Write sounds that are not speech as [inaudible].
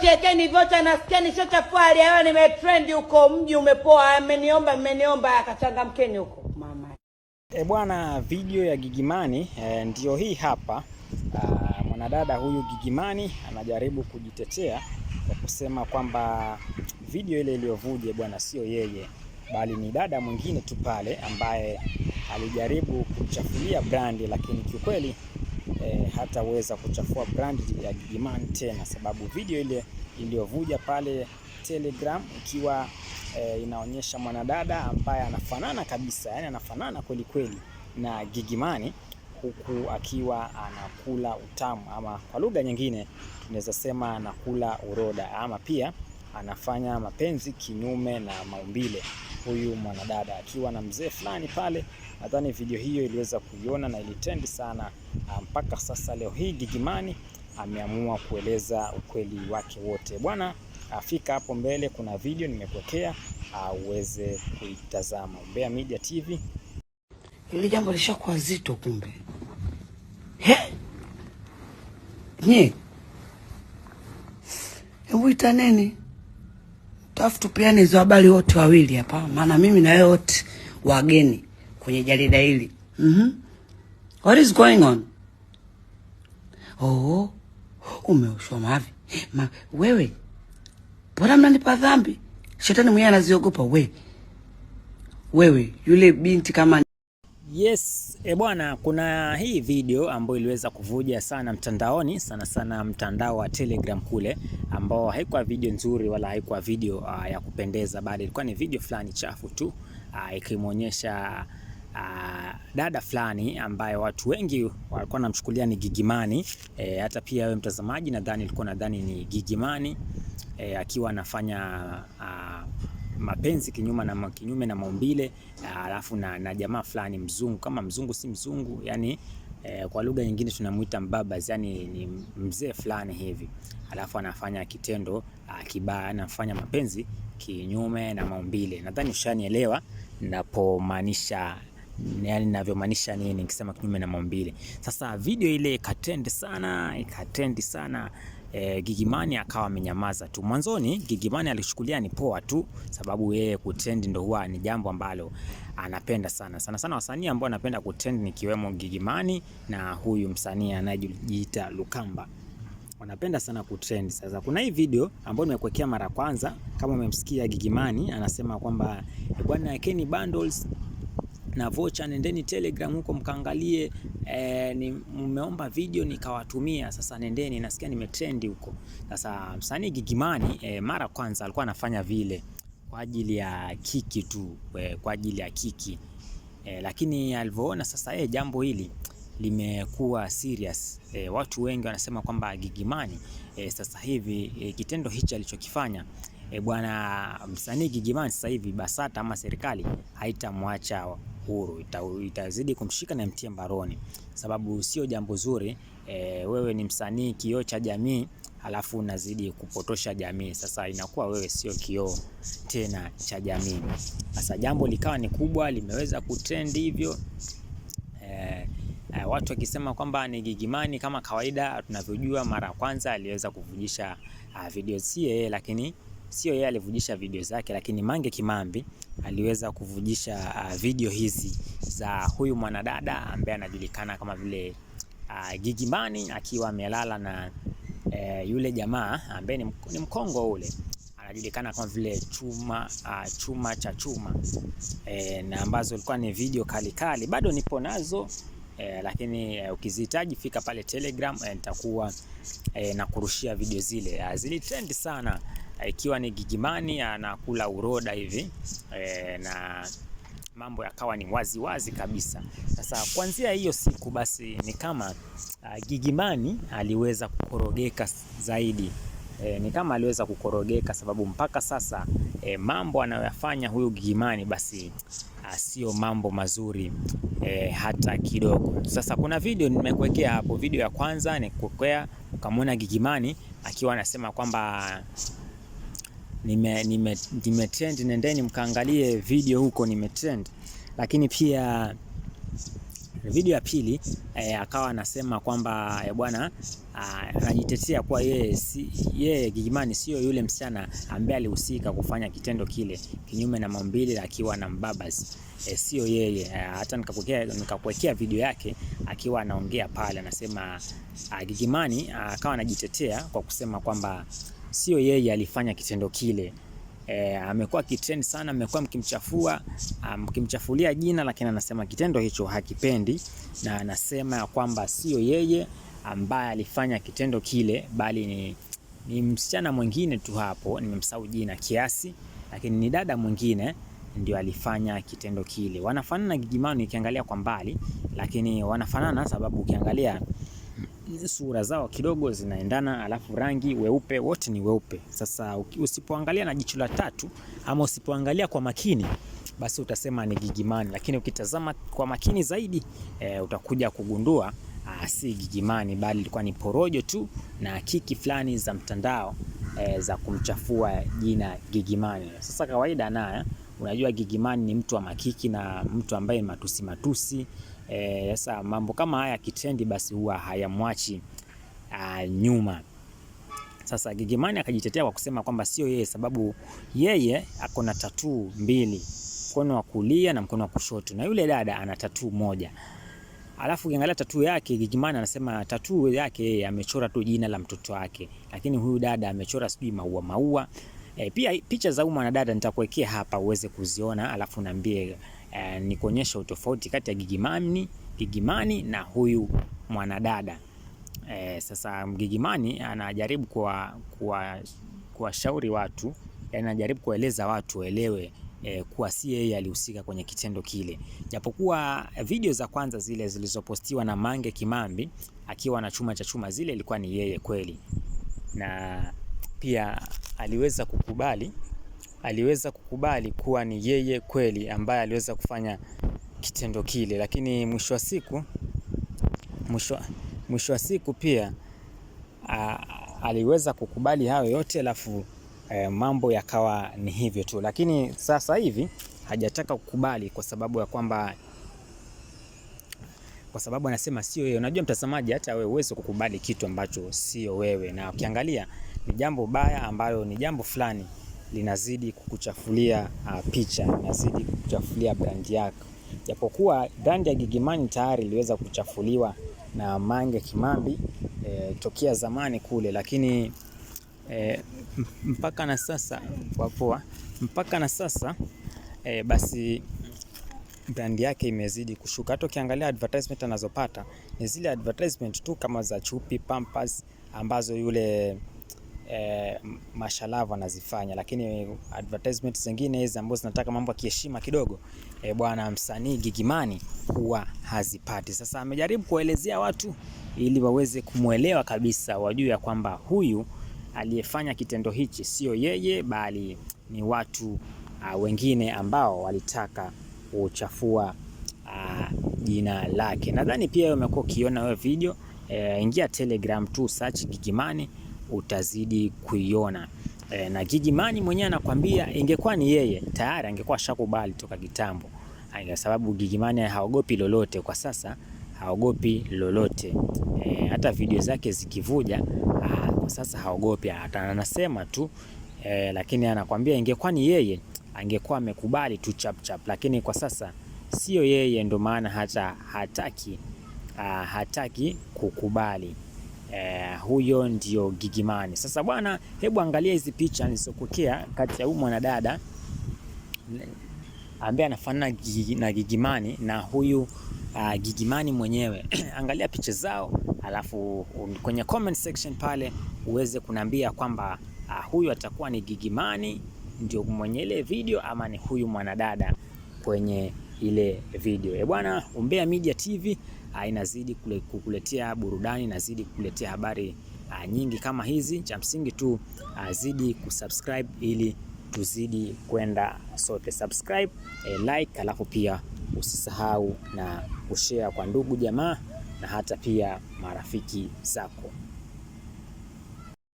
Siwekeni vocha, nasikia nishachafua hali ya hewa, nimetrendi huko, mji umepoa. Ameniomba, mmeniomba, akachangamkeni huko mama. E bwana, video ya Gigimani e, ndiyo hii hapa. mwanadada huyu Gigimani anajaribu kujitetea kwa kusema kwamba video ile iliyovuja bwana, sio yeye bali ni dada mwingine tu pale ambaye alijaribu kuchafulia brandi, lakini kiukweli e, hataweza kuchafua brand ya Gigiman tena, sababu video ile iliyovuja pale Telegram ikiwa e, inaonyesha mwanadada ambaye anafanana kabisa, yani anafanana kweli kweli na Gigimani huku akiwa anakula utamu ama kwa lugha nyingine tunaweza sema anakula uroda ama pia anafanya mapenzi kinyume na maumbile, huyu mwanadada akiwa na mzee fulani pale Nadhani video hiyo iliweza kuiona na ilitendi sana ah, mpaka sasa. Leo hii Gigimani ameamua kueleza ukweli wake wote. Bwana, afika hapo mbele, kuna video nimekuwekea ah, uweze kuitazama. Umbea Media TV. Hili jambo lishakuwa zito kumbe. He? Nye? Hebu itaneni tafutupiane hizo habari wote wawili hapa, maana mimi na yote wageni kwenye jarida hili mm -hmm. What is going on? Oh, umeushwa mavi Ma, wewe bora mnanipa dhambi, shetani mwenyewe anaziogopa we wewe yule binti kama Yes, e bwana, kuna hii video ambayo iliweza kuvuja sana mtandaoni, sana sana mtandao wa Telegram kule, ambao haikuwa video nzuri wala haikuwa video uh, ya kupendeza, bali ilikuwa ni video fulani chafu tu uh, ikimwonyesha uh, dada fulani ambaye watu wengi walikuwa wanamchukulia ni Gigimani e, hata pia wewe mtazamaji nadhani ulikuwa nadhani ni Gigimani e, akiwa anafanya uh, mapenzi kinyume na kinyume na maumbile ah, alafu na, na jamaa fulani mzungu kama mzungu si mzungu yani e, kwa lugha nyingine tunamuita mbaba yani ni mzee fulani hivi, alafu anafanya kitendo kibaya, anafanya mapenzi kinyume na maumbile. Nadhani ushanielewa napomaanisha yani ninavyomaanisha nini nikisema kinyume na maumbile. Sasa video ile ikatrend sana, ikatrend sana e, eh, Gigimani akawa amenyamaza tu. Mwanzoni Gigimani alichukulia ni poa tu, sababu yeye kutrend ndo huwa ni jambo ambalo anapenda sana sana sana. Wasanii ambao anapenda kutrend ni kiwemo Gigimani na huyu msanii anayejiita Lukamba wanapenda sana kutrend. Sasa kuna hii video ambayo nimekuwekea mara kwanza, kama umemsikia Gigimani anasema kwamba bwana, Kenny bundles na vocha, nendeni Telegram huko mkaangalie. E, ni mmeomba video nikawatumia, sasa nendeni, nasikia nimetrendi huko. Sasa msanii Gigimani e, mara kwanza alikuwa anafanya vile kwa ajili ya kiki tu e, kwa ajili ya kiki e, lakini alivyoona sasa e, jambo hili limekuwa serious e, watu wengi wanasema kwamba Gigimani e, sasa hivi e, kitendo hichi alichokifanya e, bwana msanii Gigimani sasa hivi BASATA ama serikali haitamwacha huru, ita, itazidi kumshika na mtia mbaroni, sababu sio jambo zuri e, wewe ni msanii kioo cha jamii halafu unazidi kupotosha jamii. Sasa inakuwa wewe sio kioo tena cha jamii. Sasa jambo likawa ni kubwa, limeweza kutrend hivyo e, e, watu wakisema kwamba ni Gigimani. Kama kawaida tunavyojua, mara kwanza aliweza kuvujisha ah, video si yeye, lakini sio yeye alivujisha video zake, lakini Mange Kimambi aliweza kuvujisha uh, video hizi za huyu mwanadada ambaye anajulikana kama vile uh, Gigy Money akiwa amelala na uh, yule jamaa ambaye ni mkongo ule anajulikana kama vile chuma uh, chuma cha chuma e, na ambazo ilikuwa ni video kali kali, bado nipo nazo e, lakini e, ukizihitaji fika pale Telegram e, nitakuwa e, nakurushia video zile, ah, zilitrend sana. Eh, ikiwa ni gigimani anakula uroda hivi e, na mambo yakawa ni waziwazi wazi kabisa. Sasa kuanzia hiyo siku basi ni kama uh, Gigimani aliweza kukorogeka zaidi e, ni kama aliweza kukorogeka sababu mpaka sasa e, mambo anayoyafanya huyu Gigimani basi ah, sio mambo mazuri e, hata kidogo. Sasa kuna video nimekuwekea hapo, video ya kwanza nikukwea ukamwona Gigimani akiwa anasema kwamba nime, nime, nime trend, nendeni mkaangalie video huko nime trend. Lakini pia video ya pili e, akawa anasema kwamba e, bwana ah, anajitetea kuwa yeye si, yeye Gigimani sio yule msichana ambaye alihusika kufanya kitendo kile kinyume na maumbile akiwa na Mbabas. e, eh, sio yeye. Hata nikakuwekea nikakuwekea video yake akiwa anaongea pale, anasema ah, Gigimani ah, akawa anajitetea kwa kusema kwamba sio yeye alifanya kitendo kile. E, amekuwa kitrend sana, amekuwa mkimchafua mkimchafulia jina, lakini anasema kitendo hicho hakipendi, na anasema kwamba sio yeye ambaye alifanya kitendo kile, bali ni, ni msichana mwingine tu hapo, nimemsahau jina kiasi, lakini ni dada mwingine ndio alifanya kitendo kile. Wanafanana Gigimani ukiangalia kwa mbali, lakini wanafanana sababu ukiangalia hizi sura zao kidogo zinaendana, alafu rangi weupe, wote ni weupe. Sasa usipoangalia na jicho la tatu ama usipoangalia kwa makini basi utasema ni Gigimani, lakini ukitazama kwa makini zaidi e, utakuja kugundua a, ah, si Gigimani bali ilikuwa ni porojo tu na kiki fulani za mtandao e, za kumchafua jina Gigimani. Sasa kawaida, naye unajua Gigimani ni mtu wa makiki na mtu ambaye matusi matusi Eh, sasa e, mambo kama haya kitrendi basi huwa hayamwachi a, ah, nyuma. Sasa Gigy Money akajitetea kwa kusema kwamba sio yeye, sababu yeye ako na tatuu mbili, mkono wa kulia na mkono wa kushoto, na yule dada ana tatuu moja. Alafu ukiangalia tatuu yake Gigy Money anasema tatuu yake yeye amechora tu jina la mtoto wake, lakini huyu dada amechora sijui maua maua. E, pia picha za huyu mwanadada nitakuwekea hapa uweze kuziona, alafu naambie e, ni kuonyesha utofauti kati ya Gigimani, Gigimani na huyu mwanadada e. Sasa Gigimani anajaribu kuwashauri kuwa watu anajaribu kuwaeleza watu waelewe E, kuwa si yeye alihusika kwenye kitendo kile, japokuwa video za kwanza zile zilizopostiwa na Mange Kimambi akiwa na chuma cha chuma zile ilikuwa ni yeye kweli, na pia aliweza kukubali aliweza kukubali kuwa ni yeye kweli ambaye aliweza kufanya kitendo kile, lakini mwisho wa siku mwisho, mwisho wa siku pia a, aliweza kukubali hayo yote alafu e, mambo yakawa ni hivyo tu, lakini sasa hivi hajataka kukubali kwa sababu ya kwamba kwa sababu anasema sio yeye. Unajua mtazamaji, hata wewe uweze kukubali kitu ambacho sio wewe, na ukiangalia ni jambo baya ambayo ni jambo fulani linazidi kukuchafulia uh, picha, linazidi kukuchafulia brand yako, japokuwa brand ya Gigimani tayari iliweza kuchafuliwa na Mange Kimambi eh, tokea zamani kule, lakini eh, mpaka na sasa wapoa, mpaka na sasa eh, basi brand yake imezidi kushuka. Hata ukiangalia advertisement anazopata ni zile advertisement tu kama za chupi Pampers ambazo yule eh, mashalava anazifanya, lakini advertisement zingine hizi ambazo zinataka mambo ya kiheshima kidogo eh, bwana msanii Gigimani huwa hazipati. Sasa amejaribu kuelezea watu ili waweze kumwelewa kabisa, wajue ya kwamba huyu aliyefanya kitendo hichi sio yeye, bali ni watu uh, wengine ambao walitaka kuchafua uh, jina lake. Nadhani pia umekuwa ukiona wewe video eh, ingia Telegram tu search Gigimani utazidi kuiona. E, na Gigy Money mwenyewe anakwambia ingekuwa ni yeye tayari angekuwa shakubali toka kitambo, kwa sababu Gigy Money haogopi lolote kwa sasa, haogopi lolote e, hata video zake zikivuja kwa sasa haogopi, hata anasema tu e, lakini anakwambia ingekuwa ni yeye angekuwa amekubali tu chap chap, lakini kwa sasa sio yeye, ndo maana hata hataki hataki kukubali. Eh, huyo ndio Gigimani. Sasa bwana, hebu angalia hizi picha nilizokukea kati ya huyu mwanadada ambaye anafanana na Gigimani na huyu uh, Gigimani mwenyewe [clears throat] angalia picha zao, alafu um, kwenye comment section pale uweze kuniambia kwamba uh, huyu atakuwa ni Gigimani ndio mwenye ile video ama ni huyu mwanadada kwenye ile video. Eh bwana, Umbea Media TV Ah, inazidi kukuletea burudani, inazidi kukuletea habari ah, nyingi kama hizi. Cha msingi tu ah, zidi kusubscribe ili tuzidi kwenda sote. Subscribe, eh, like, alafu pia usisahau na kushare kwa ndugu jamaa na hata pia marafiki zako.